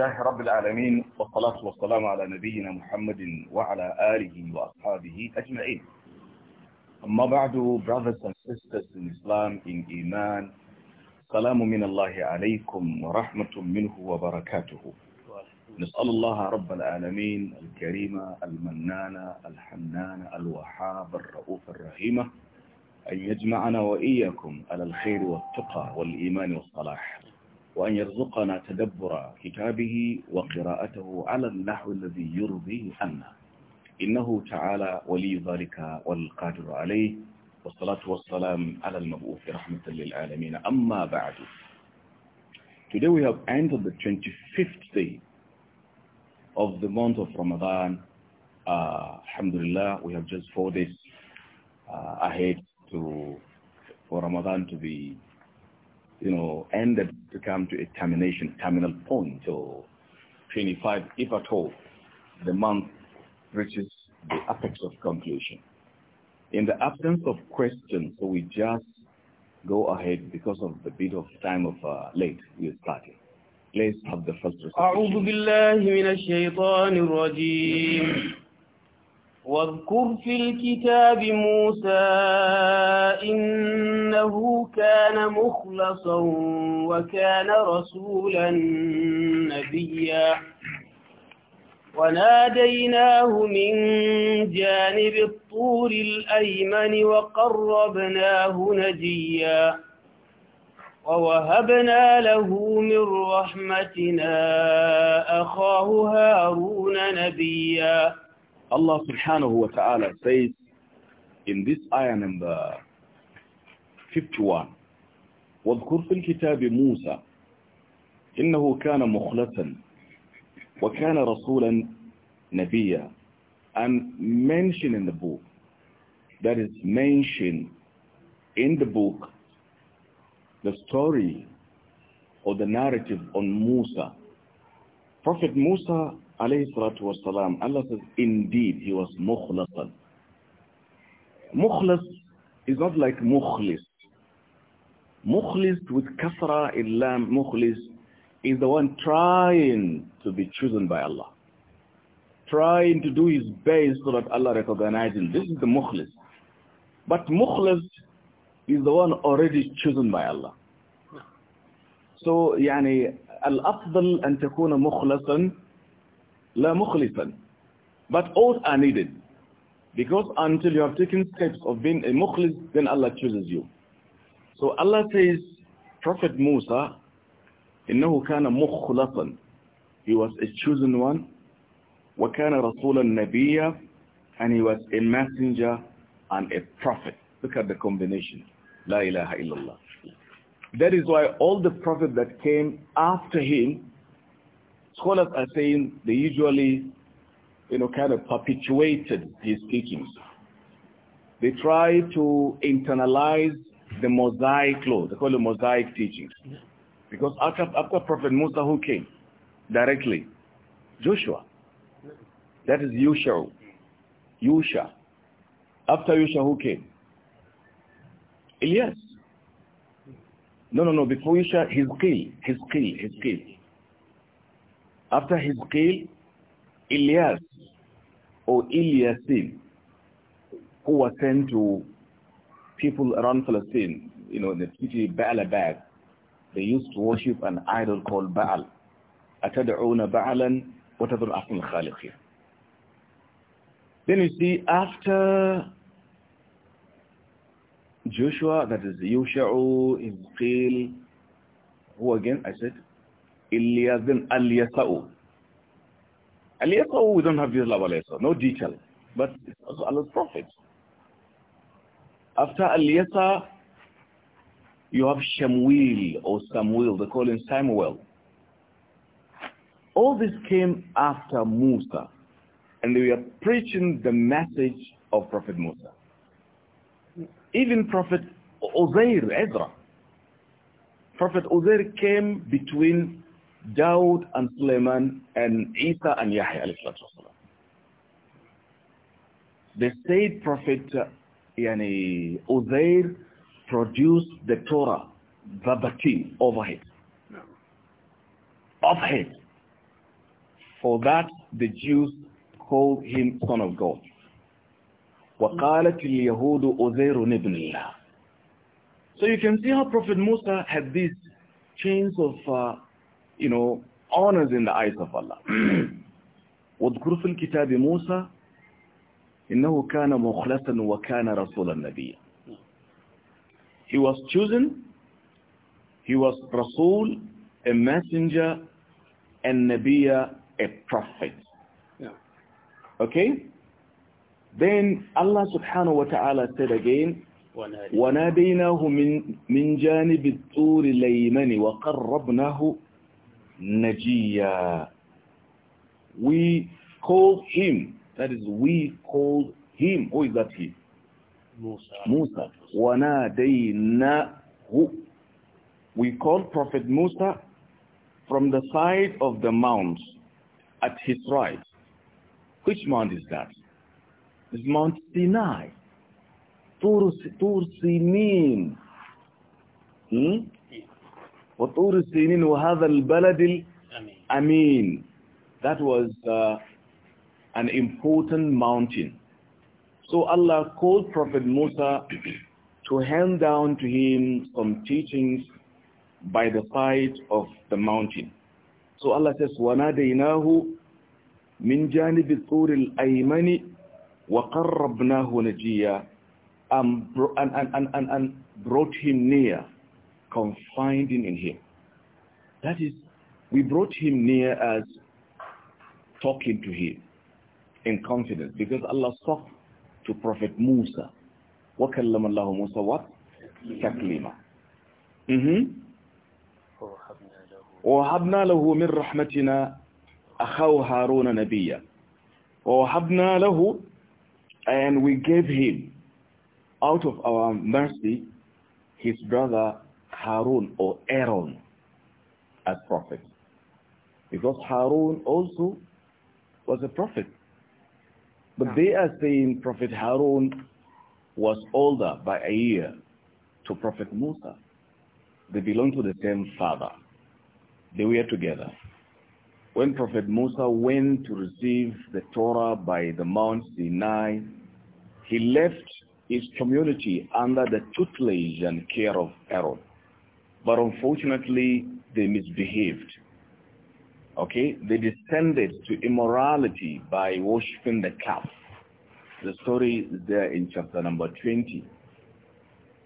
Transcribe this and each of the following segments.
لله رب العالمين والصلاة والسلام على نبينا محمد وعلى آله وأصحابه أجمعين أما بعد brothers and sisters in Islam in Iman سلام من الله عليكم ورحمة منه وبركاته نسأل الله رب العالمين الكريم المنان الحنان الوهاب الرؤوف الرحيم أن يجمعنا وإياكم على الخير والتقى والإيمان والصلاح وأن يرزقنا تدبر كتابه وقراءته على النحو الذي يرضيه عنا إنه تعالى ولي ذلك والقادر عليه والصلاة والسلام على المبعوث رحمة للعالمين أما بعد Today we have entered the 25th day of the month of Ramadan. Uh, Alhamdulillah, we have just four days uh, ahead to for Ramadan to be you know, ended to come to a termination, terminal point, or 25, if at all, the month reaches the apex of conclusion. In the absence of questions, so we just go ahead because of the bit of time of uh, late we started. Let's have the first recitation. واذكر في الكتاب موسى إنه كان مخلصا وكان رسولا نبيا وناديناه من جانب الطور الأيمن وقربناه نجيا ووهبنا له من رحمتنا أخاه هارون نبيا Allah subhanahu wa ta'ala says in this ayah number 51 واذكر في الكتاب موسى إنه كان مخلصا وكان رسولا نبيا and mention in the book that is mentioned in the book the story or the narrative on Musa Prophet Musa alayhi salatu wasalam, Allah says, indeed, he was mukhlasan. Mukhlas is not like mukhlis. Mukhlis with kasra illam mukhlis is the one trying to be chosen by Allah. Trying to do his best so that Allah recognizes him. This is the mukhlis. But mukhlis is the one already chosen by Allah. So, يعني الأفضل أن تكون مخلصا La مخلصا But all are needed. Because until you have taken steps of being a mukhlis, then Allah chooses you. So Allah says, Prophet Musa, إِنَّهُ كَانَ مُخْلَصًا He was a chosen one. وَكَانَ رَسُولًا نَبِيًّا And he was a messenger and a prophet. Look at the combination. La ilaha illallah. That is why all the prophets that came after him, scholars are saying they usually, you know, kind of perpetuated these teachings. They try to internalize the Mosaic law. They call it Mosaic teachings. Because after, after Prophet Musa, who came directly? Joshua. That is Yusha. Yusha. After Yusha, who came? Elias. No, no, no. Before Yusha, Hizqil. He's Hizqil. After kill, Elias or Eliasim, who was sent to people around Palestine, you know, in the city Baalabad, they used to worship an idol called Baal. أَتَدْعُونَ بَعْلًا وَتَدْعُونَ أَحْمُ الْخَالِقِينَ Then you see, after Joshua, that is Yusha'u, Hizqil, who again, I said, Ilyas, then Al-Yasa'u. Al-Yasa'u, we don't have this about al no detail. But it's also Allah's prophet. After Al-Yasa, you have Shemuel or Samuel, they call him Samuel. All this came after Musa, and they were preaching the message of Prophet Musa. Even Prophet Uzair, Ezra, Prophet Uzair came between Daud and Suleiman and Isa and Yahya The said prophet yani, Uzair produced the Torah verbatim overhead. No. For that the Jews called him son of God. وقالت اليهود أذير ابن الله So you can see how Prophet Musa had these chains of uh, you know, honors in the eyes of Allah. واذكر في الكتاب موسى إنه كان مخلصا وكان رسول النبي He was chosen, he was Rasul, a messenger, and Nabiya, a prophet. Yeah. Okay? Then Allah subhanahu wa ta'ala said again, وَنَادَيْنَاهُ مِنْ جَانِبِ الطُّورِ لَيْمَنِ وَقَرَّبْنَاهُ Najiya. We called him. That is, we called him. Who is that he? Musa. Musa. We called Prophet Musa from the side of the mount at his right. Which mount is that? It's Mount Sinai. Tur Sinin. Hmm? وَطُورِ السِّنِينَ وَهَذَا الْبَلَدِ الْأَمِينَ That was uh, an important mountain. So Allah called Prophet Musa to hand down to him some teachings by the side of the mountain. So Allah says, وَنَادَيْنَاهُ مِنْ جَانِبِ الطُّورِ الْأَيْمَنِ وَقَرَّبْنَاهُ نَجِيًّا and, and, and, and brought him near Confiding in him, That is, we brought him near as talking to him in confidence because Allah spoke to Prophet Musa. وَكَلَّمَ اللَّهُ مُوسَى what? تَكْلِيمًا mm-hmm. وَوَهَبْنَا لَهُ مِنْ رَحْمَتِنَا أَخَوْ هَارُونَ نَبِيًّا وَوَهَبْنَا لَهُ and we gave him out of our mercy his brother Harun or Aaron as prophet. Because Harun also was a prophet. But they are saying Prophet Harun was older by a year to Prophet Musa. They belong to the same father. They were together. When Prophet Musa went to receive the Torah by the Mount Sinai, he left his community under the tutelage and care of Aaron. But unfortunately, they misbehaved. Okay? They descended to immorality by worshipping the calf. The story is there in chapter number 20.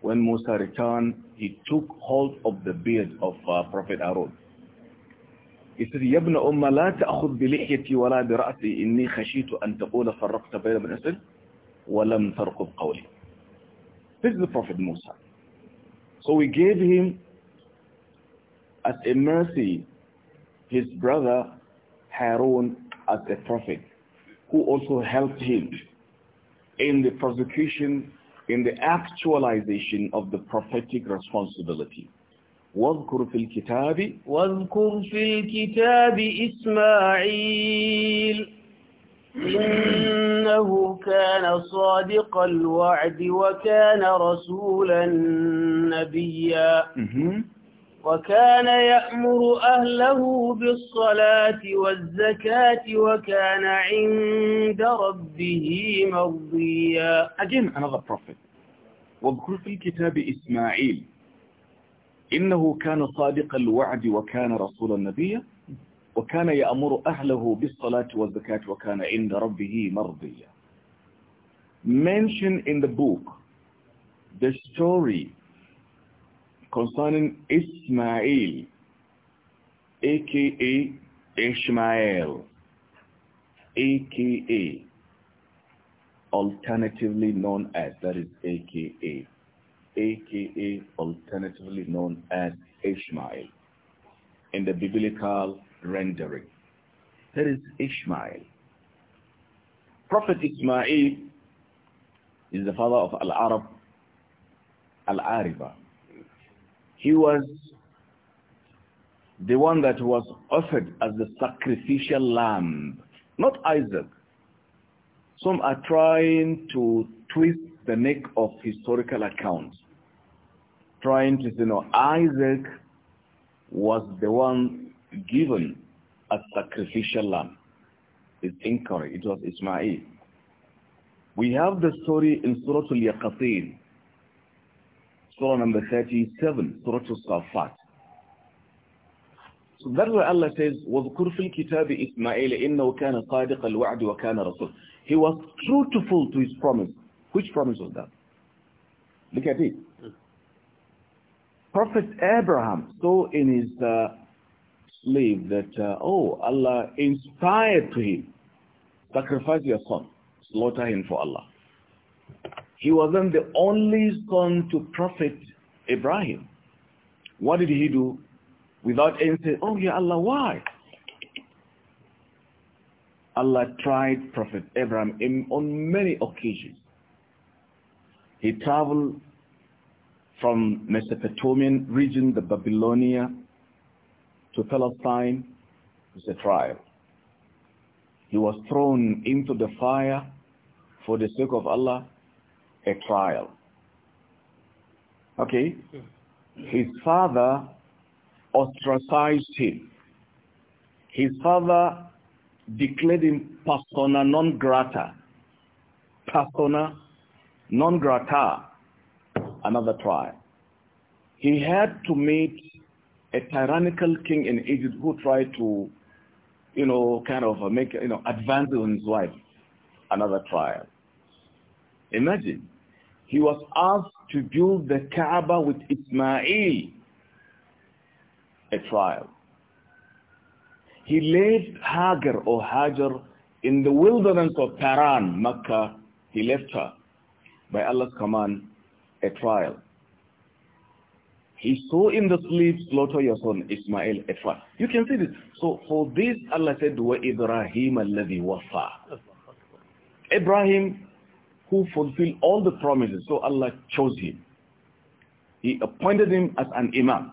When Musa returned, he took hold of the beard of uh, Prophet Aaron. He said, يَا أُمَّ لَا تَأْخُذْ بِلِحْيَتِي وَلَا بِرَأْسِي إِنِّي خَشِيتُ أَن تَقُولَ فَرَّقْتَ بَيْنَ بَنْ أَسْلِ وَلَمْ تَرْقُبْ قَوْلِي This is the Prophet Musa. So we gave him as a mercy his brother Harun as a prophet who also helped him in the prosecution, in the actualization of the prophetic responsibility. واذكر في الكتاب واذكر في الكتاب إسماعيل إنه كان صادق الوعد وكان رسولا نبيا mm-hmm. وكان يأمر أهله بالصلاة والزكاة وكان عند ربه مرضيا Again another prophet واذكر في الكتاب إسماعيل إنه كان صادق الوعد وكان رسول النبي وكان يأمر أهله بالصلاة والزكاة وكان عند ربه مرضيا Mention in the book the story concerning Ismail, aka Ishmael, aka alternatively known as, that is aka, aka alternatively known as Ishmael in the biblical rendering. That is Ishmael. Prophet Ismail is the father of Al-Arab, Al-Ariba, he was the one that was offered as the sacrificial lamb, not Isaac. Some are trying to twist the neck of historical accounts, trying to say, you know, Isaac was the one given as sacrificial lamb. It's incorrect. It was Ismail. We have the story in Surah Al-Yaqatin surah number 37, surah Al-Safat. So that's where Allah says, وَذْكُرْ فِي الْكِتَابِ إِسْمَعِيلَ إِنَّهُ كَانَ صَادِقَ الْوَعْدِ وَكَانَ رَسُولًا He was truthful to his promise. Which promise was that? Look at it. Prophet Abraham saw in his uh, slave that, uh, oh, Allah inspired to him, sacrifice your son, slaughter him for Allah he wasn't the only son to Prophet Ibrahim. What did he do? Without any oh yeah, Allah, why? Allah tried Prophet Abraham in, on many occasions. He traveled from Mesopotamian region, the Babylonia, to Palestine. It's a trial. He was thrown into the fire for the sake of Allah a trial. Okay? His father ostracized him. His father declared him persona non grata. Persona non grata. Another trial. He had to meet a tyrannical king in Egypt who tried to, you know, kind of make, you know, advance on his wife. Another trial. Imagine he was asked to build the Kaaba with Ismail, a trial. He left Hagar or Hajar in the wilderness of Paran, Mecca. He left her by Allah's command, a trial. He saw in the sleep, slaughter your son Ismail, a trial. You can see this. So for this, Allah said, Wa Ibrahim alladhi wafa. Ibrahim who fulfilled all the promises. So Allah chose him. He appointed him as an imam,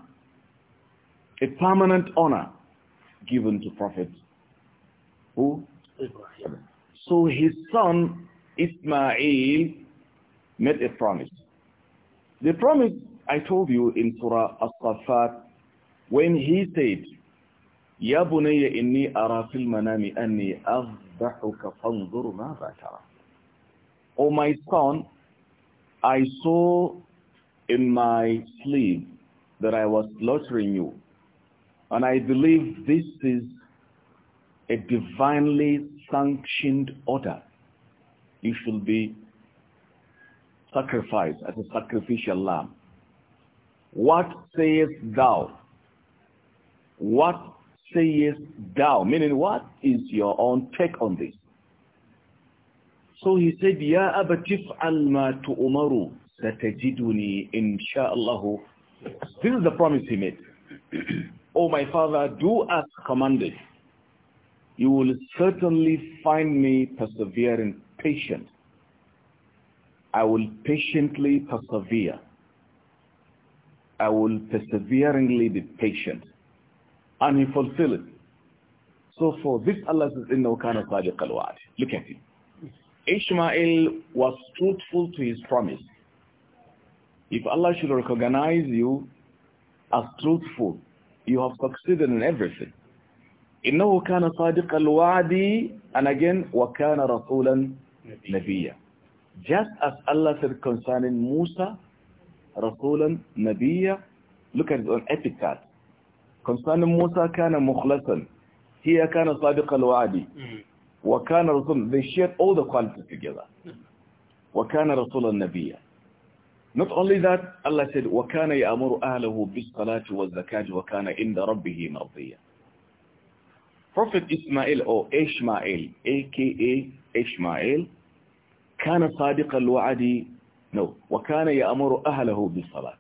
a permanent honor given to Prophet who? So his son Ismail made a promise. The promise I told you in Surah As-Saffat when he said, "Ya بُنَيَّ إِنِّي أَرَى فِي الْمَنَامِ أَنِّي أَذْبَحُكَ فَانْظُرْ O oh my son, I saw in my sleep that I was slaughtering you. And I believe this is a divinely sanctioned order. You should be sacrificed as a sacrificial lamb. What sayest thou? What sayest thou? Meaning, what is your own take on this? So he said, Ya abatif alma tu umaru satajiduni insha'Allah. This is the promise he made. oh my father, do as commanded. You will certainly find me persevering, patient. I will patiently persevere. I will perseveringly be patient. And he fulfilled it. So for this Allah says, إِنَّهُ كَانَ al الْوَعْدِ Look at him. Ishmael was truthful to his promise. If Allah should recognize you as truthful, you have succeeded in everything. إِنَّهُ كَانَ صَادِقَ الْوَعْدِ And again, وَكَانَ رَسُولًا نَبِيًّا Just as Allah said concerning Musa, رَسُولًا نَبِيًّا Look at his own epitaph. Concerning Musa, كَانَ مُخْلَصًا Here, كَانَ صَادِقَ الْوَعْدِ hmm. وَكَانَ رَسُولًا They shared all the qualities together. وَكَانَ رَسُولًا نَبِيًّا Not only that, Allah said, وَكَانَ يَأْمُرُ أَهْلَهُ بِالصَّلَاةِ وَالزَّكَاةِ وَكَانَ إِنْدَ رَبِّهِ مَرْضِيًّا Prophet Ismail or Ishmael, aka Ishmael, كان صادق الوعد no وكان يأمر أهله بالصلاة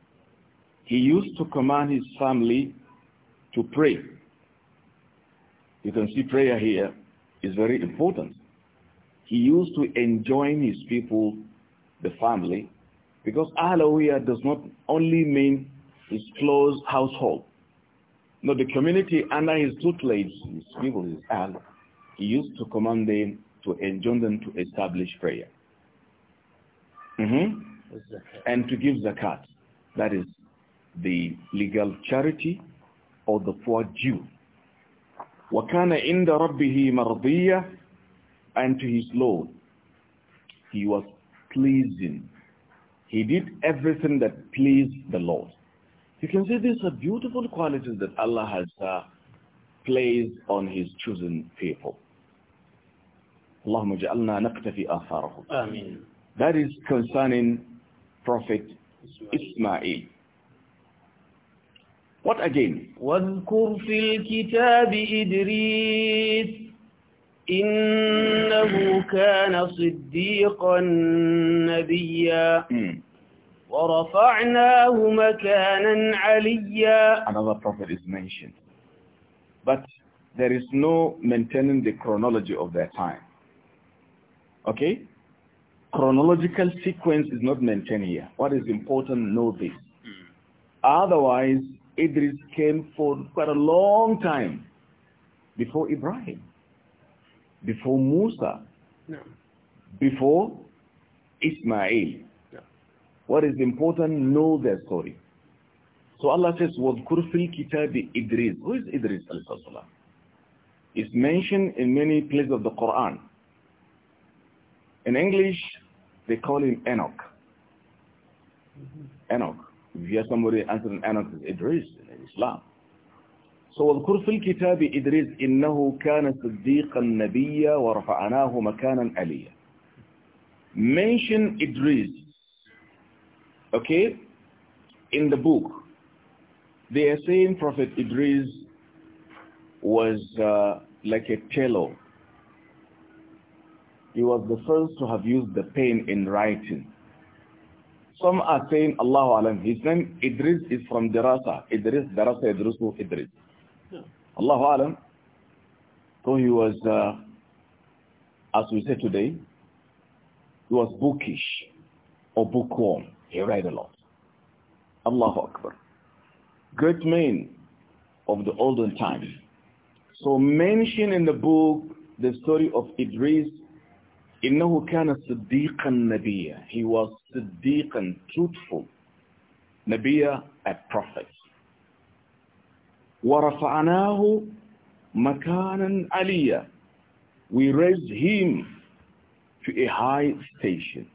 he used to command his family to pray you can see prayer here is very important. He used to enjoin his people, the family, because Ahlawiyya does not only mean his close household. No, the community under his tutelage, his people, his Ahl, he used to command them, to enjoin them to establish prayer. Mm -hmm. And to give zakat. That is the legal charity or the poor due وَكَانَ عِنْدَ رَبِّهِ مرضية. And to his Lord, he was pleasing. He did everything that pleased the Lord. You can see these are beautiful qualities that Allah has uh, placed on his chosen people. اللهم جعلنا نقتفي آثاره. That is concerning Prophet Ismail. What again? وَاذْكُرْ فِي الْكِتَابِ إِدْرِيسِ إنه كان صديقا نبيا hmm. ورفعناه مكانا عليا Another prophet is mentioned. But there is no maintaining the chronology of their time. Okay? Chronological sequence is not maintained here. What is important, know this. Hmm. Otherwise, Idris came for quite a long time before Ibrahim, before Musa, no. before Ismail. No. What is important, know their story. So Allah says, وَذْكُرْ فِي الْكِتَابِ Idris. Who is Idris a.s.? It's mentioned in many places of the Quran. In English, they call him Enoch. Mm -hmm. Enoch. If you hear somebody answering Anon, it's Idris in Islam. So واذكر في الكتاب إدريس إنه كان صديقا نبيا ورفعناه مكانا عليا. Mention Idris, okay, in the book. They are saying Prophet Idris was uh, like a tailor. He was the first to have used the pen in writing. Some are saying Allah Alam. His name Idris is from Dirasa. Idris, Dirasa, Idrisu, Idris. Yeah. Allahu Alam. So he was, uh, as we say today, he was bookish or bookworm. He read a lot. Allahu Akbar. Great men of the olden times. So mention in the book the story of Idris إنه كان صديقا نبيا he was صديقا truthful نبيا a prophet ورفعناه مكانا عليا we raised him to a high station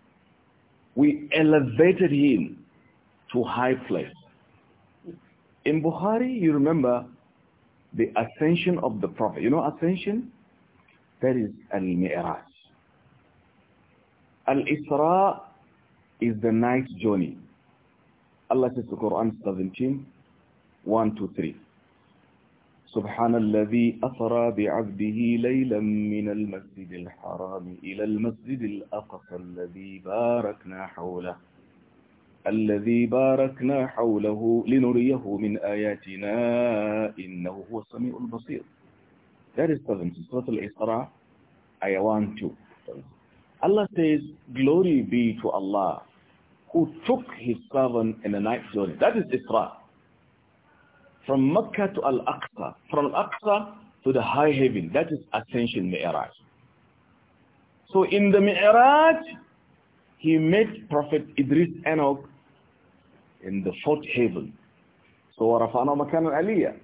we elevated him to high place in Bukhari you remember the ascension of the prophet you know ascension that is al-mi'raj Al-Isra is the night journey. Allah says in Quran 17, 1, 2, 3. asra bi'abdihi laylan minal masjid al-harami ilal masjid al-aqasa alladhi barakna hawla. الذي باركنا حوله لنريه من آياتنا إنه هو السميع البصير. That is 7, Surah Al-Isra, I want to. Allah says, glory be to Allah who took his servant in a night journey. That is Isra. From Mecca to Al-Aqsa. From Al-Aqsa to the high heaven. That is ascension Mi'raj. So in the Mi'raj, he met Prophet Idris Enoch in the fourth heaven. So وَرَفَعْنَا makan aliyah.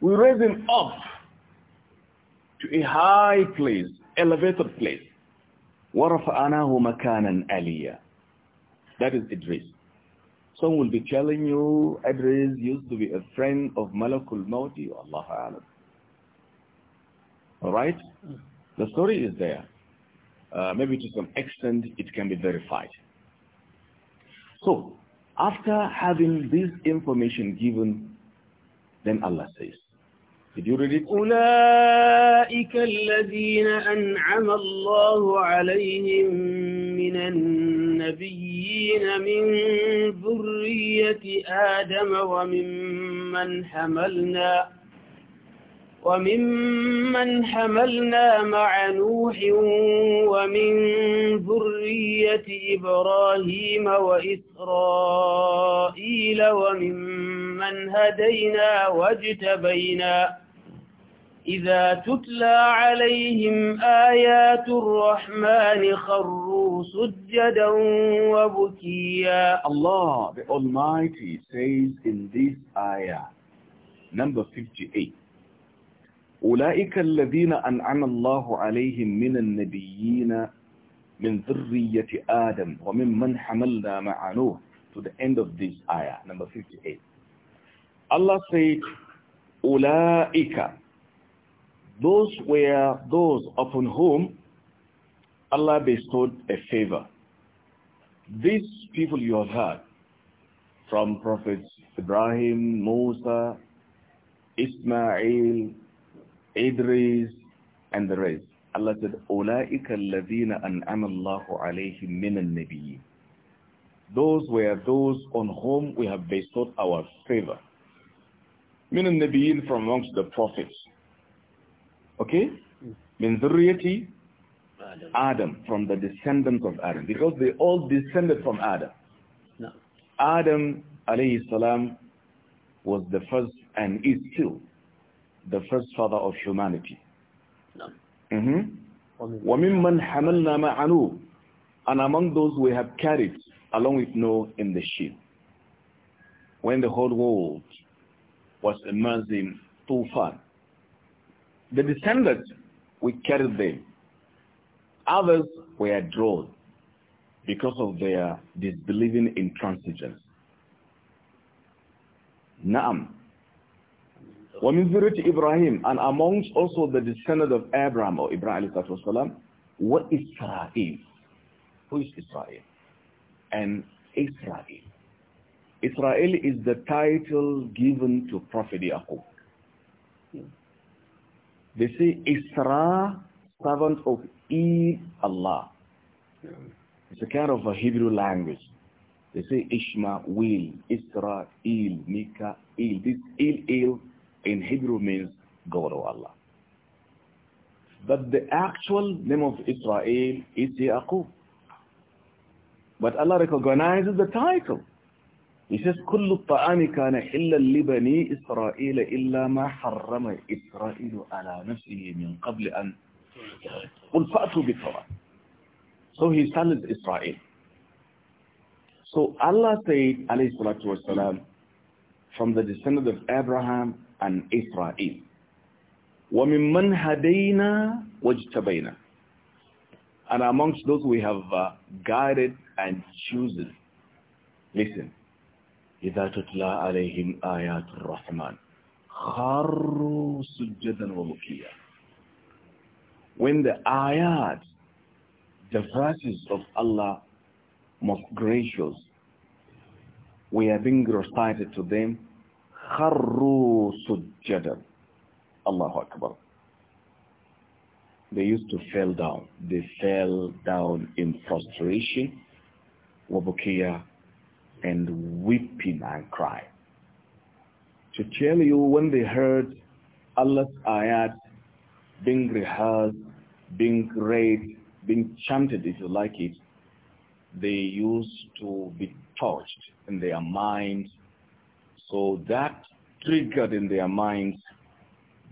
We raise him up to a high place, elevated place. وَرَفَعَنَاهُ مَكَانًا أَلِيًّا That is Idris. Some will be telling you Idris used to be a friend of Malakul Mawti, Allah Alam. Alright? The story is there. Uh, maybe to some extent it can be verified. So, after having this information given, then Allah says, Did you read it? أولئك الذين أنعم الله عليهم من النبيين من ذرية آدم من حملنا وممن حملنا مع نوح ومن ذرية إبراهيم وإسرائيل وممن هدينا واجتبينا إذا تتلى عليهم آيات الرحمن خروا سجدا وبكيا Allah the Almighty says in this ayah number 58 أولئك الذين أنعم الله عليهم من النبيين من ذرية آدم وممن حملنا مع نوح to the end of this ayah number 58 Allah said أولئك Those were those upon whom Allah bestowed a favor. These people you have heard from prophets Ibrahim, Musa, Ismail, Idris, and the rest. Allah said, أُولَٰئِكَ الَّذِينَ أَنْعَمَ اللَّهُ عَلَيْهِمْ مِنَ النَّبِيِّينَ Those were those on whom we have bestowed our favor. مِنَ النَّبِيِّينَ from amongst the prophets. Okay? Hmm. Min zurriyati Adam, from the descendants of Adam, because they all descended from Adam. No. Adam, alayhi salam, was the first and is still the first father of humanity. No. Mm -hmm. وَمِمَّنْ And among those we have carried along with Noah in the ship. When the whole world was immersed in Tufan, the descendants, we carried them. Others were drawn because of their disbelieving intransigence. Naam. وَمِنْ to Ibrahim and amongst also the descendants of Abraham or Ibrahim والسلام, what is Israel? Who is Israel? And Israel. Israel is the title given to Prophet Yaqub. They say, Isra, servant of Eid Allah. It's a kind of a Hebrew language. They say Ishmael, Israel, Mika, Il. This Il, Il in Hebrew means God of Allah. But the actual name of Israel is Yaqub. But Allah recognizes the title. He says, كُلُّ الطَّعَامِ كَانَ حِلًّا لِبَنِي إِسْرَائِيلَ إِلَّا مَا حَرَّمَ إِسْرَائِيلُ عَلَى نَفْسِهِ مِنْ قَبْلِ أَنْ قُلْ فَأْتُوا بِالطَّعَامِ So he silenced Israel. So Allah said, alayhi salatu wasalam, from the descendants of Abraham and Israel, وَمِمَّنْ هَدَيْنَا وَاجْتَبَيْنَا And amongst those we have uh, guided and chosen. Listen, إذا تتلى عليهم آيات الرحمن خروا سجدا وبكيا When the ayat, the verses of Allah most gracious are being recited to them خروا سجدا الله أكبر They used to fell down. They fell down in prostration and weeping and crying. To tell you when they heard Allah's ayat being rehearsed, being read, being chanted if you like it, they used to be touched in their minds. So that triggered in their minds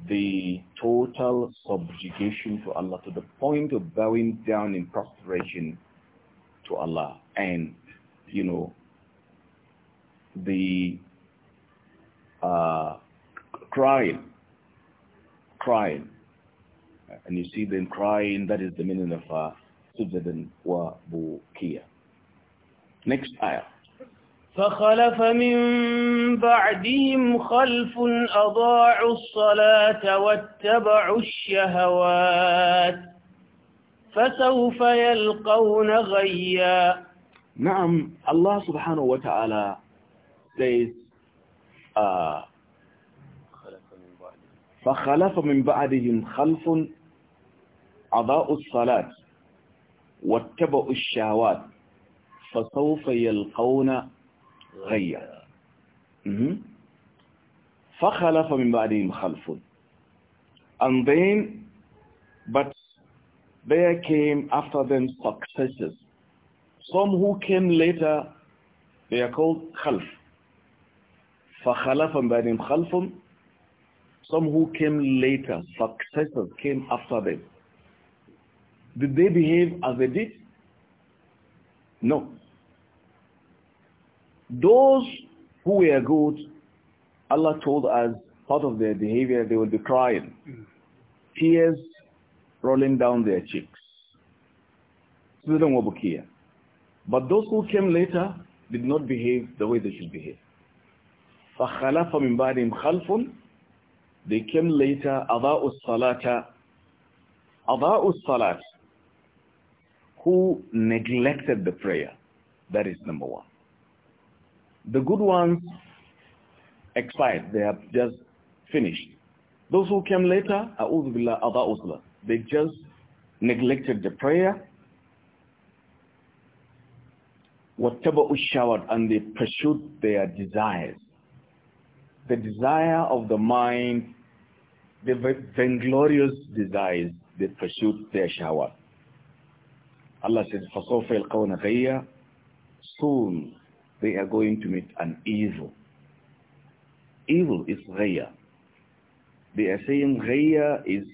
the total subjugation to Allah to the point of bowing down in prostration to Allah and, you know, the uh, crying, crying, and you see them crying, that is the meaning of uh, Sujadan wa وبكيا Next ayah. فخلف من بعدهم خلف أضاعوا الصلاة واتبعوا الشهوات فسوف يلقون غيا نعم الله سبحانه وتعالى says, فَخَلَفَ مِنْ بَعْدِهِمْ خَلْفٌ عضاء الصَّلَاةِ وَاتَّبَعُ الشَّهَوَاتِ فَسَوْفَ يَلْقَوْنَ غَيَّا فَخَلَفَ مِنْ بَعْدِهِمْ خَلْفٌ And then, but there came after them successors. Some who came later, they are called خلف فَخَلَفًا بَعْدِهِمْ خَلْفٌ Some who came later, successors came after them. Did they behave as they did? No. Those who were good, Allah told us part of their behavior, they will be crying. Tears rolling down their cheeks. But those who came later did not behave the way they should behave. فَخَلَفَ مِنْ بَعْدِهِمْ خَلْفٌ They came later, أَضَاءُ الصَّلَاةَ أَضَاءُ الصَّلَاةَ Who neglected the prayer. That is number one. The good ones expired. They have just finished. Those who came later, أَعُوذُ بِاللَّهِ أَضَاءُ الصَّلَاةَ They just neglected the prayer. they showered And they pursued their desires the desire of the mind, the vainglorious desires, they pursue their shower. Allah says, فَصَوْفَ الْقَوْنَ غَيَّ Soon they are going to meet an evil. Evil is غَيَّ. They are saying غَيَّ is,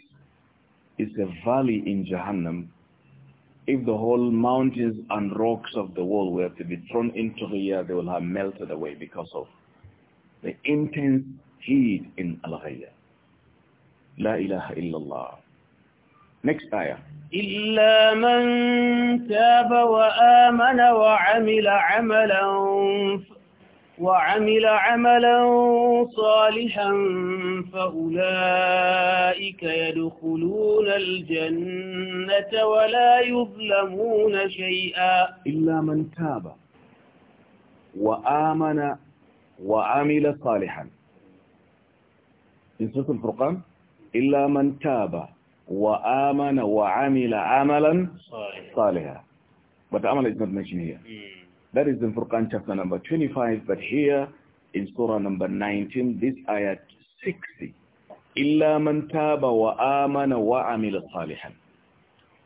is a valley in Jahannam. If the whole mountains and rocks of the world were to be thrown into غَيَّ, they will have melted away because of the intense heat in Al-Ghayya. La ilaha illallah. Next ayah. إلا من تاب وآمن وعمل عملا وعمل عملا صالحا فأولئك يدخلون الجنة ولا يظلمون شيئا إلا من تاب وآمن وعمل صالحا من سورة الفرقان إلا من تاب وآمن وعمل عملا صالحا But Amal is not mentioned here. Mm. That is in Furqan chapter number 25, but here in Surah number 19, this ayat 60. إِلَّا مَنْ تَابَ وَآمَنَ وَعَمِلَ صَالِحًا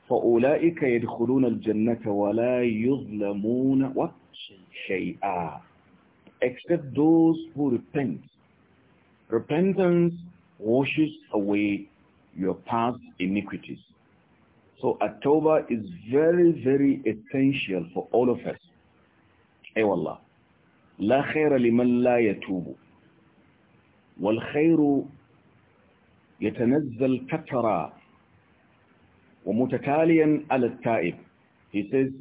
فَأُولَٰئِكَ يَدْخُلُونَ الْجَنَّةَ وَلَا يُظْلَمُونَ شَيْئًا except those who repent. Repentance washes away your past iniquities. So October is very, very essential for all of us. Aywallah. لا خير لمن لا يتوب والخير يتنزل كثرا ومتتاليا على التائب he says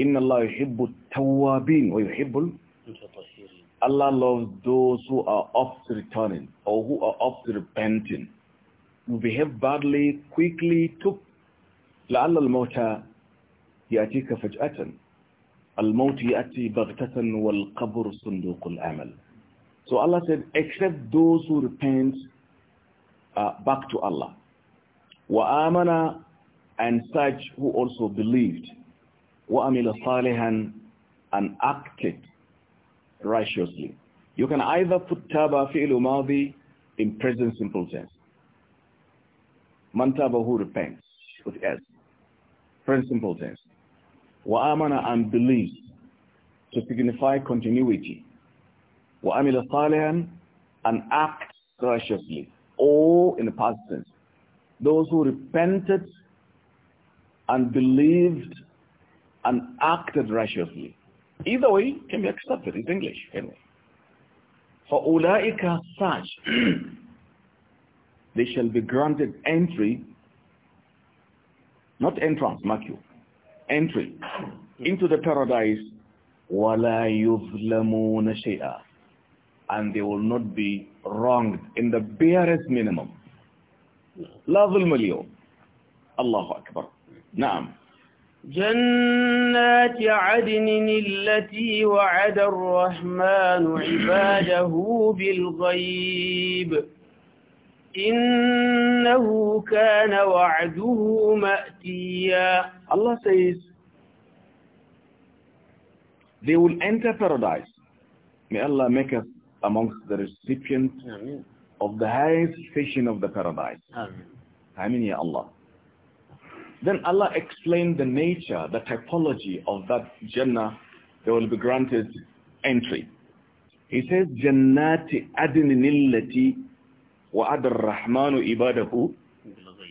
إن الله يحب التوابين ويحب المتطهرين Allah loves those who are to returning or who are to repenting. You behave badly, quickly, took. لعل الموت يأتيك فجأة الموت يأتي بغتة والقبر صندوق الأمل So Allah said, except those who repent uh, back to Allah. وآمنا and such who also believed. وَأَمِلَ صَالِحًا and acted righteously. You can either put taba fi'lu madhi in present simple tense. Man taba who repents with S. Present simple tense. Wa amana and believes to signify continuity. Wa amila salihan and acts righteously. All in the past tense. Those who repented and believed and acted righteously. Either way can be accepted. It's English anyway. فَأُولَٰئِكَ such They shall be granted entry, not entrance, mark you, entry hmm. into the paradise وَلَا يُظْلَمُونَ شَيْئًا And they will not be wronged in the barest minimum. La hmm. ظلم اليوم akbar. نعم جنات عدن التي وعد الرحمن عباده بالغيب إنه كان وعده مأتيا الله says they will enter paradise may Allah make us amongst the recipients of the highest station of the paradise Amen. Amen Ya Allah Then Allah explained the nature, the typology of that Jannah that will be granted entry. He says, Jannati adnillati wa adar rahmanu ibadahu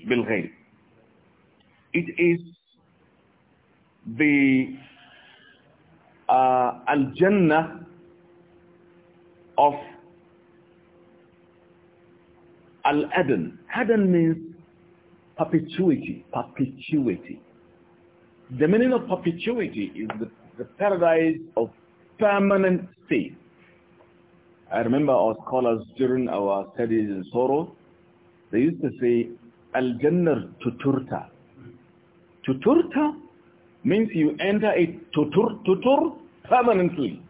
bilghayb. It is the uh, al-Jannah of al-Adn. Adn means perpetuity, perpetuity. The meaning of perpetuity is the, the paradise of permanent state. I remember our scholars during our studies in Soro, they used to say, Al-Jannah tuturta. Tuturta means you enter a tutur, tutur permanently.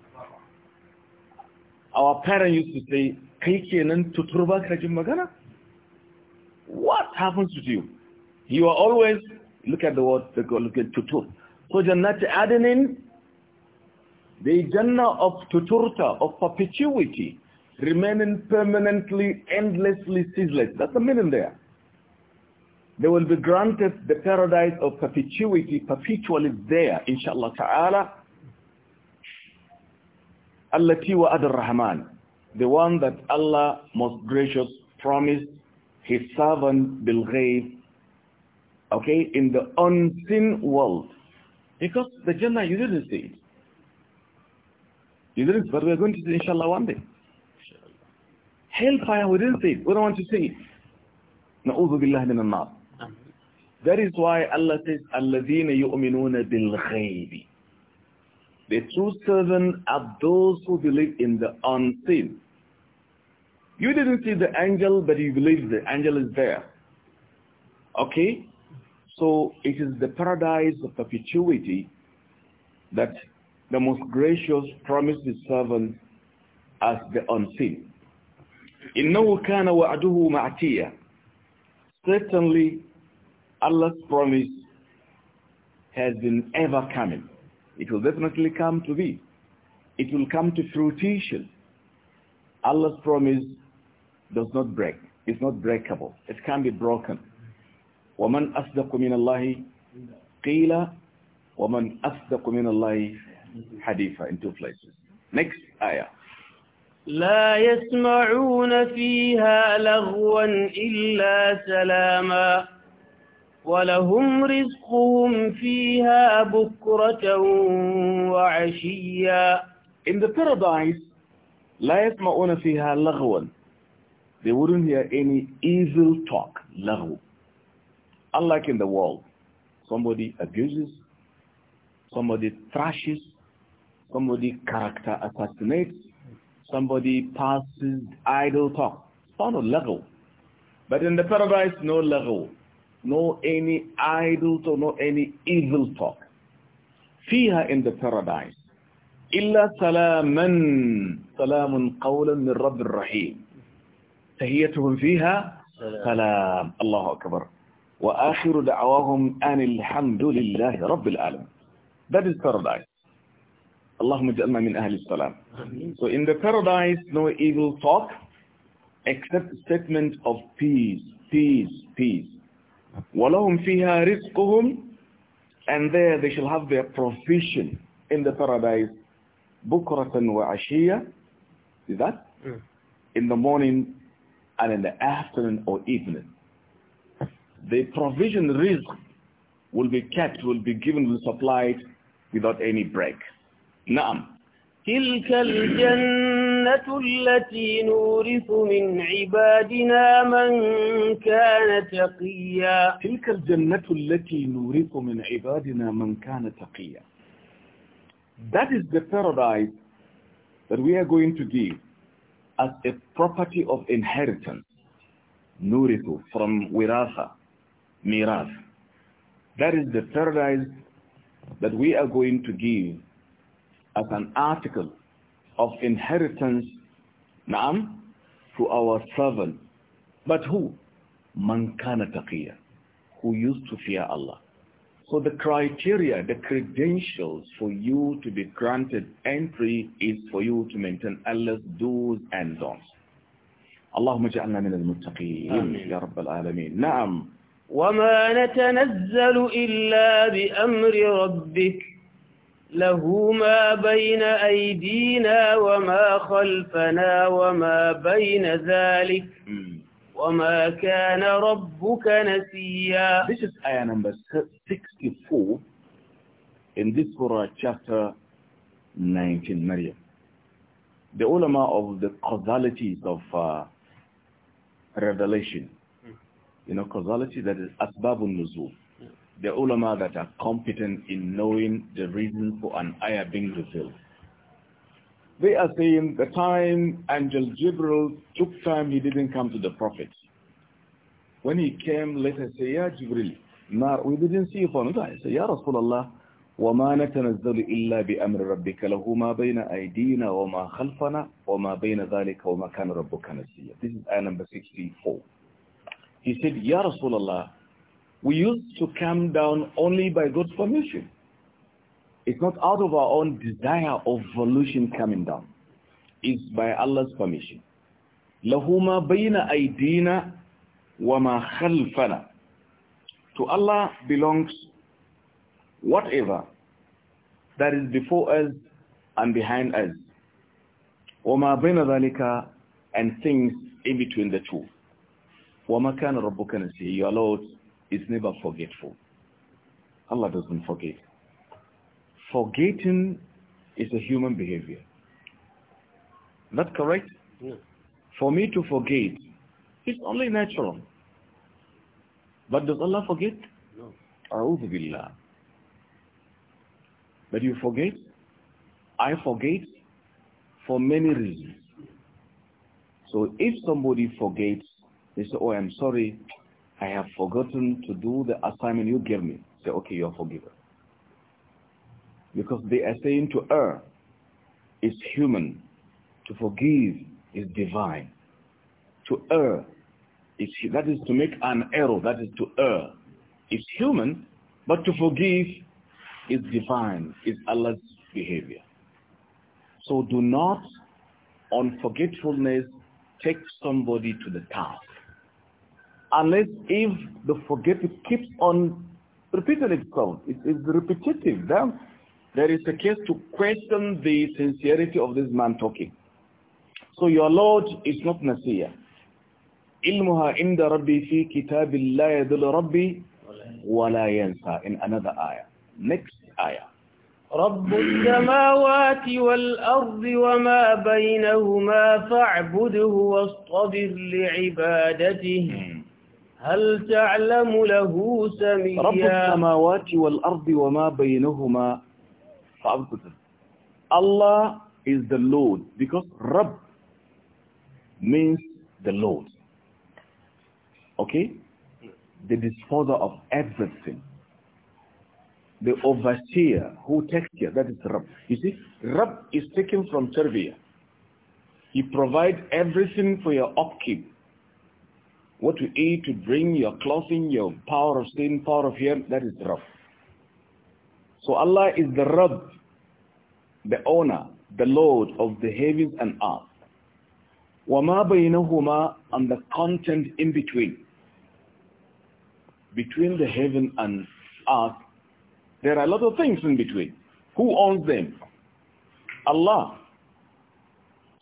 Our parents used to say, kai kenan tutur ba What happens to you? You are always, look at the word, look at tutur. So Jannat Adenin, the Jannah of tuturta, of perpetuity, remaining permanently, endlessly, ceaseless. That's the meaning there. They will be granted the paradise of perpetuity, perpetually there, inshallah ta'ala. Allati wa rahman the one that Allah most gracious promised his servant Bilghayb okay, in the unseen world. Because the Jannah, you didn't see it. You didn't, but we're going to see it, inshallah one day. Hellfire, we didn't see it. We don't want to see it. نعوذ بالله That is why Allah says, الَّذِينَ يُؤْمِنُونَ بِالْغَيْبِ The true servant are those who believe in the unseen. You didn't see the angel, but you believe the angel is there. Okay? So it is the paradise of perpetuity that the most gracious promised his servant as the unseen. إِنَّهُ كَانَ وَعْدُهُ مَعْتِيًا Certainly, Allah's promise has been ever coming. It will definitely come to be. It will come to fruition. Allah's promise does not break. It's not breakable. It can't be broken. ومن أصدق من الله قيل ومن أصدق من الله حديثا in two places next آية لا يسمعون فيها لغوا إلا سلاما ولهم رزقهم فيها بكرة وعشيا In the paradise لا يسمعون فيها لغوا They wouldn't hear any evil talk لغو Unlike in the world, somebody abuses, somebody thrashes, somebody character assassinates, somebody passes idle talk. It's not a level. But in the paradise, no level, no any idle talk, no any evil talk. فيها in the paradise. إلا سلاما سلام قولا من رب الرحيم تهيتهم فيها سلام الله أكبر وآخر دعواهم أن الحمد لله رب العالمين That is paradise. Allahumma اجعلنا min ahli السلام So in the paradise, no evil talk except statement of peace, peace, peace. وَلَهُمْ فِيهَا رِزْقُهُمْ And there they shall have their provision in the paradise. بُكْرَةً وَعَشِيَّةً Is that? Mm. In the morning and in the afternoon or evening. the provision risk will be kept, will be given, will be supplied without any break. Naam. تلك الجنة التي نورث من عبادنا من كان تقيا تلك الجنة التي نورث من عبادنا من كان تقيا That is the paradise that we are going to give as a property of inheritance. Nuritu from Wiratha miras. That is the paradise that we are going to give as an article of inheritance Naam to our servant. But who? Man kana taqiyya, who used to fear Allah. So the criteria, the credentials for you to be granted entry is for you to maintain Allah's do's and don'ts. اللهم اجعلنا من المتقين يا رب العالمين نعم وما نتنزل إلا بأمر ربك له ما بين أيدينا وما خلفنا وما بين ذلك وما كان ربك نسيا This is ayah number 64 in this surah chapter 19 Maryam. The ulama of the causalities of uh, revelation you know, causality, that is asbabun nuzul. The ulama that are competent in knowing the reason for an ayah being revealed. They are saying the time Angel Jibril took time, he didn't come to the Prophet. When he came, let us say, Ya Jibril, we didn't see you for another. I say, Ya Rasulullah, وما نتنزل إلا بأمر ربك له ما بين أيدينا وما خلفنا وما بين ذلك وما كان ربك نسيا This is ayah number 64. He said, Ya Allah, we used to come down only by God's permission. It's not out of our own desire of volition coming down. It's by Allah's permission. لَهُمَا بَيْنَ wa وَمَا khalfana. To Allah belongs whatever that is before us and behind us. وَمَا بَيْنَ ذَلِكَ And things in between the two. وَمَا كَانَ رَبُّكَ نَسِيَ Your Lord is never forgetful. Allah doesn't forget. Forgetting is a human behavior. Is that correct? No. For me to forget, it's only natural. But does Allah forget? No. A'udhu Billah. But you forget, I forget for many reasons. So if somebody forgets, they say, oh, I'm sorry. I have forgotten to do the assignment you gave me. Say, okay, you're forgiven. Because they are saying to err is human. To forgive is divine. To err, is, that is to make an error, that is to err, is human, but to forgive is divine, is Allah's behavior. So do not on forgetfulness take somebody to the task unless if the forgetting keeps on repeating itself. It is repetitive. Then there is a case to question the sincerity of this man talking. So your Lord is not Nasiyah. Ilmuha عند ربي في كتاب لا يدل ربي ولا ينسى in another ayah next ayah رب السماوات والأرض وما بينهما فاعبده واصطبر لعبادته hmm. هل تعلم له سميا رب السماوات والأرض وما بينهما Allah is the Lord because رب means the Lord. Okay? The disposer of everything. The overseer who takes care, that is رب You see, رب is taken from Serbia. He provides everything for your upkeep. what to eat, to drink, your clothing, your power of sin, power of hearing, that is Rabb. So Allah is the Rabb, the owner, the Lord of the heavens and earth. وَمَا بَيْنَهُمَا And the content in between. Between the heaven and earth, there are a lot of things in between. Who owns them? Allah.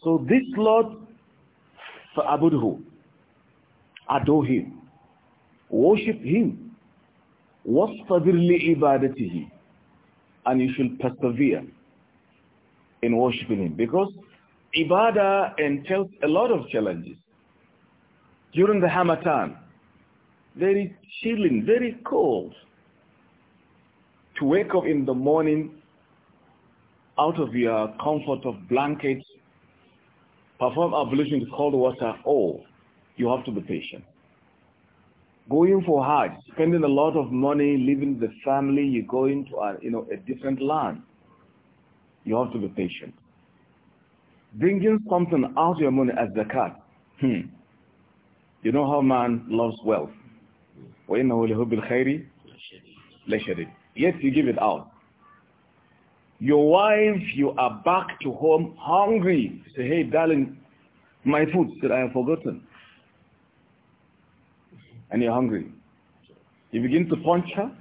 So this Lord, فَأَبُدْهُ Adore Him. Worship Him. وَاصْطَبِرْ Him, And you should persevere in worshiping Him. Because ibadah entails a lot of challenges. During the Hamatan, very chilling, very cold. To wake up in the morning out of your comfort of blankets, perform ablution with cold water, oh, you have to be patient. Going for hard, spending a lot of money, leaving the family, you're going to a, you know, a different land. You have to be patient. Bringing something out of your money as zakat. Hmm. You know how man loves wealth. وَإِنَّهُ Yes, you give it out. Your wife, you are back to home hungry. You say, hey, darling, my food. Said, I have forgotten and you're hungry. You begin to punch her?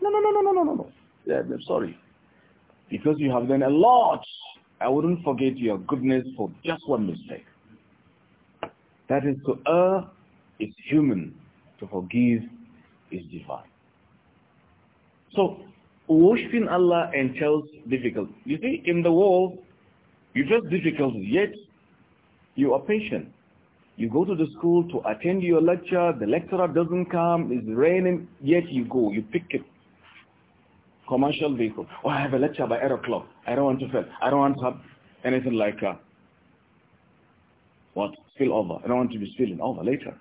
No, no, no, no, no, no, no, Yeah, I'm sorry. Because you have done a lot. I wouldn't forget your goodness for just one mistake. That is to err is human. To forgive is divine. So, worshiping Allah entails difficulty. You see, in the world, you face difficulties, yet you are patient. You go to the school to attend your lecture, the lecturer doesn't come, it's raining, yet you go, you pick it. Commercial vehicle. Oh, I have a lecture by 8 o'clock. I don't want to fail. I don't want to have anything like uh, what? Spill over. I don't want to be spilling over later.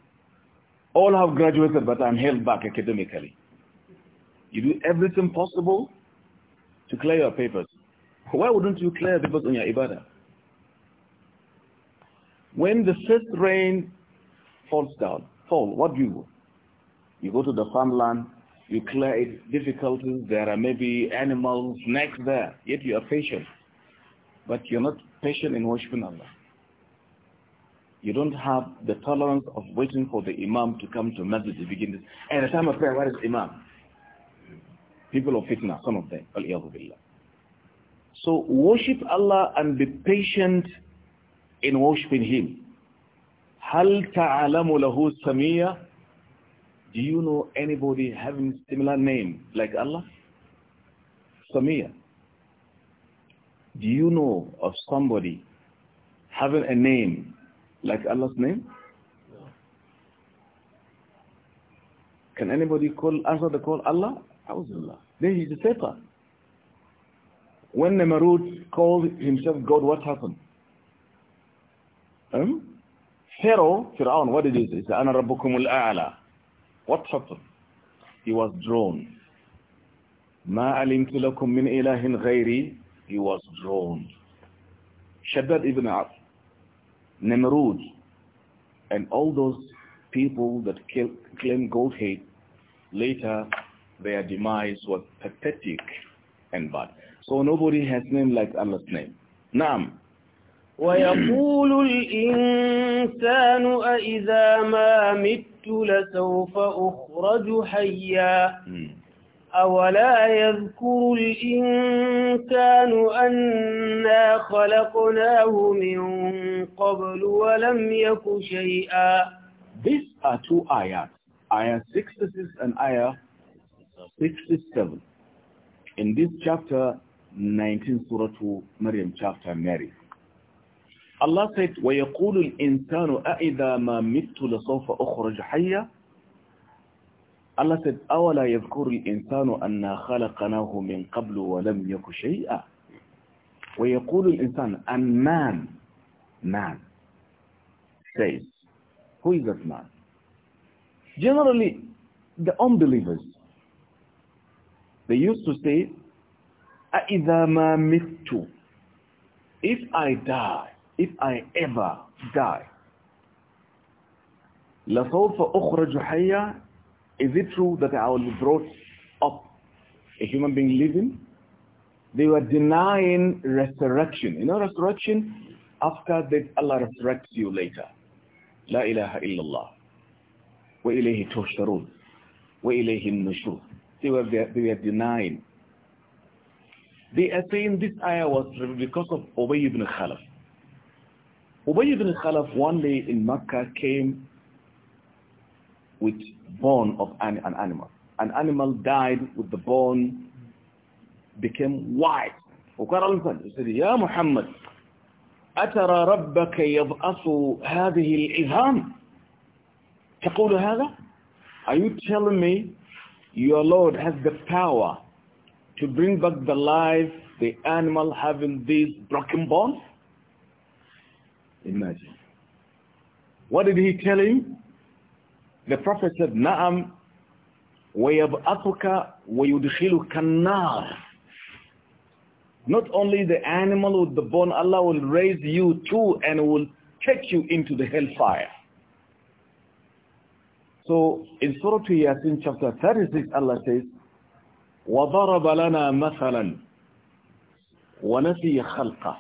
All have graduated, but I'm held back academically. You do everything possible to clear your papers. Why wouldn't you clear papers on your ibadah? When the first rain falls down, fall, what do you do? You go to the farmland, you clear it, difficulties, there are maybe animals, snakes there, yet you are patient. But you're not patient in worshiping Allah. You don't have the tolerance of waiting for the imam to come to masjid to begin this. And the time of prayer, where is imam? People of fitna, some of them. So worship Allah and be patient in worshipping him. Hal ta'alamu lahu samiyya? Do you know anybody having similar name like Allah? Samia. Do you know of somebody having a name like Allah's name? Can anybody call answer the call Allah? Auzubillah. Then he's a sefer. When Namarud called himself God, what happened? Um, Pharaoh, Fir'aun, what did he say? Ana rabbukumul a'la. What happened? He was drawn. Ma alimtu lakum min ilahin ghairi. He was drawn. Shaddad ibn Af, Nimrud, and all those people that claim gold hate, later their demise was pathetic and bad. So nobody has name like Allah's name. Naam. ويقول الإنسان أإذا ما مت لسوف أخرج حيا أولا يذكر الإنسان أنا خلقناه من قبل ولم يك شيئا These are two ayahs, ayah 66 and ayah 67. In this chapter 19, Surah to Maryam chapter Mary. الله said, وَيَقُولُ الْإِنسَانُ أئذا مَا مِتُّ لَسَوْفَ أُخْرَجْ حيا الله said, أَوَلَا يَذْكُرُ الْإِنسَانُ أن خَلَقَنَاهُ مِنْ قَبْلُ وَلَمْ يَكُ شَيْئًا وَيَقُولُ الْإِنسَانُ And man, man, says, who is that man? Generally, the unbelievers, they used to say, أئذا مَا مِتُّ If I die, if I ever die, لَصَوَفَ أُخْرَجُ حَيَّا Is it true that I will be brought up a human being living? They were denying resurrection. You know resurrection? After that Allah resurrects you later. لا إله إلا الله وإليه تهشرون وإليه النشور they were, they were denying they are saying this ayah was because of Ubay ibn Khalaf Ubay ibn Khalaf one day in Mecca came with bone of an, an animal. An animal died with the bone, became white. وقال الإنسان he said, يا محمد أترى ربك يبأس هذه العظام تقول هذا Are you telling me your Lord has the power to bring back the life the animal having these broken bones? Imagine. What did he tell him? The Prophet said, Na'am, وَيَبْأَثُكَ وَيُدْخِلُكَ النَّارِ Not only the animal with the bone, Allah will raise you too and will take you into the hellfire. So in Surah Yasin chapter 36, Allah says, وَضَرَبَ لَنَا مَثَلًا وَنَسِيَ خَلْقَهُ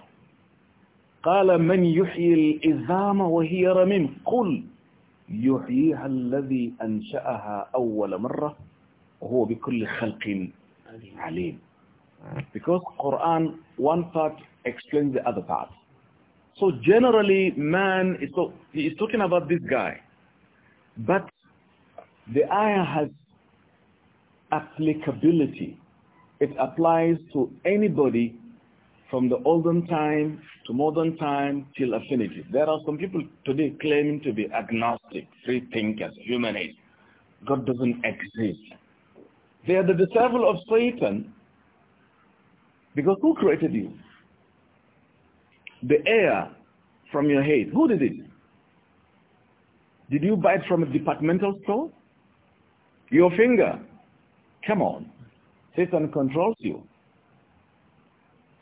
قال من يحيي الإذام وهي رميم قل يحييها الذي أنشأها أول مرة وهو بكل خلق عليم because Quran one part explains the other part so generally man is, so, he is talking about this guy but the ayah has applicability it applies to anybody from the olden time to modern time till affinity. There are some people today claiming to be agnostic, free thinkers, humanists. God doesn't exist. They are the disciple of Satan because who created you? The air from your head, who did it? Did you buy it from a departmental store? Your finger. Come on. Satan controls you.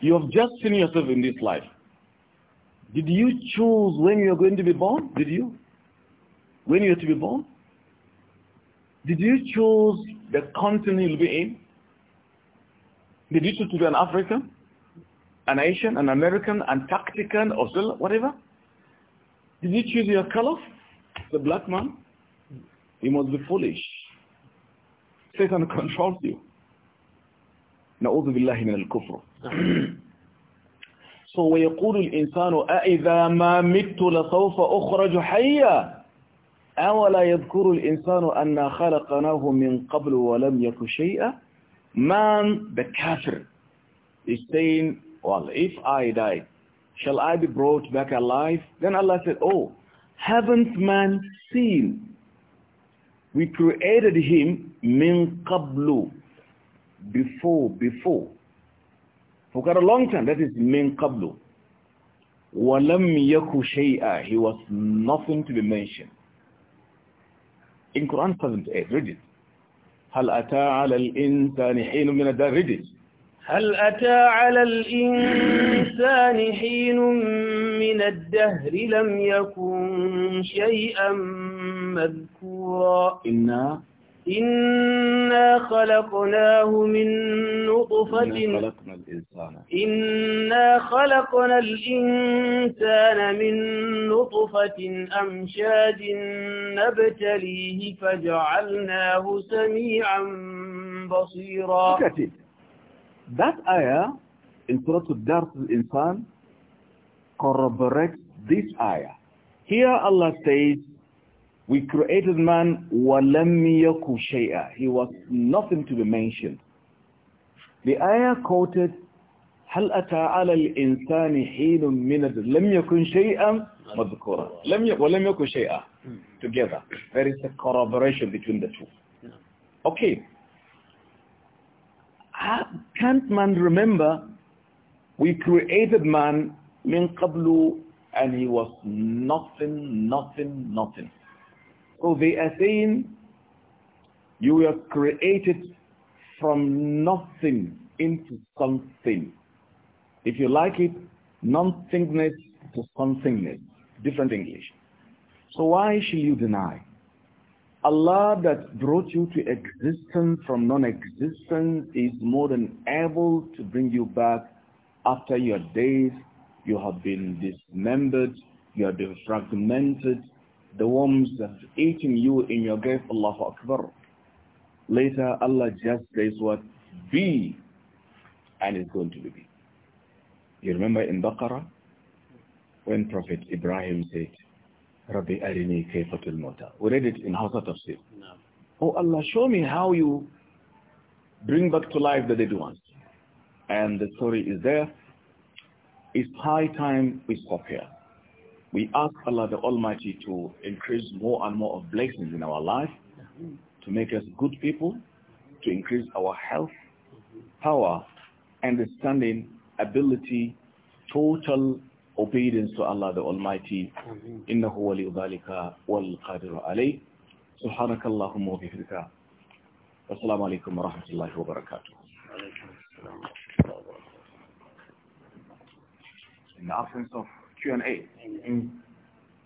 You have just seen yourself in this life. Did you choose when you are going to be born? Did you? When you are to be born? Did you choose the continent you'll be in? Did you choose to be an African, an Asian, an American, Antarctican, or whatever? Did you choose your color? The black man? You must be foolish. Satan controls you. نعوذ بالله من الكفر so ويقول الإنسان أئذا ما مت لسوف أخرج حيا أولا يذكر الإنسان أن خلقناه من قبل ولم يكن شيئا man the kafir is saying well if I die shall I be brought back alive then Allah said oh haven't man seen we created him min qablu before, before, for quite a long time, that is min qablu. وَلَمْ يَكُ شَيْئًا He was nothing to be mentioned. In Quran 78, read it. هل أتى على الإنسان حين من الدار رجل هل أتى على الإنسان حين من الدهر لم يكن شيئا مذكورا إنا إنا خلقناه من نطفة إنا خلقنا الإنسان إنا خلقنا الإنسان من نطفة أمشاج نبتليه فجعلناه سميعا بصيرا Look at it. That ayah in Surah Al-Dars Al-Insan corroborates this ayah. Here Allah says We created man وَلَمْ يَكُ شَيْئًا He was nothing to be mentioned. The ayah quoted هل أتى على الإنسان حين من لم يكن شيئا مذكورا لم ولم يكن شيئا together there is a corroboration between the two okay can't man remember we created man من قبل and he was nothing nothing nothing so they are saying, you were created from nothing into something. If you like it, non to somethingness. Different English. So why should you deny? Allah that brought you to existence from non-existence is more than able to bring you back after your days. You have been dismembered, you have been fragmented, the worms that eating you in your grave, Allahu Akbar. Later, Allah just says what? Be. And it's going to be. You remember in Baqarah, when Prophet Ibrahim said, Rabbi arini kayfatul mota. We read it in Hausa Tafsir. No. Oh Allah, show me how you bring back to life the dead ones. And the story is there. It's high time we stop here. We ask Allah the Almighty to increase more and more of blessings in our life, to make us good people, to increase our health, power, understanding, ability, total obedience to Allah the Almighty. إِنَّهُ وَلِيُّ ذَلِكَ وَالْقَادِرُ عَلَيْهِ سبحانك اللهم وبحمدك والسلام عليكم ورحمة الله وبركاته In the absence of Q&A.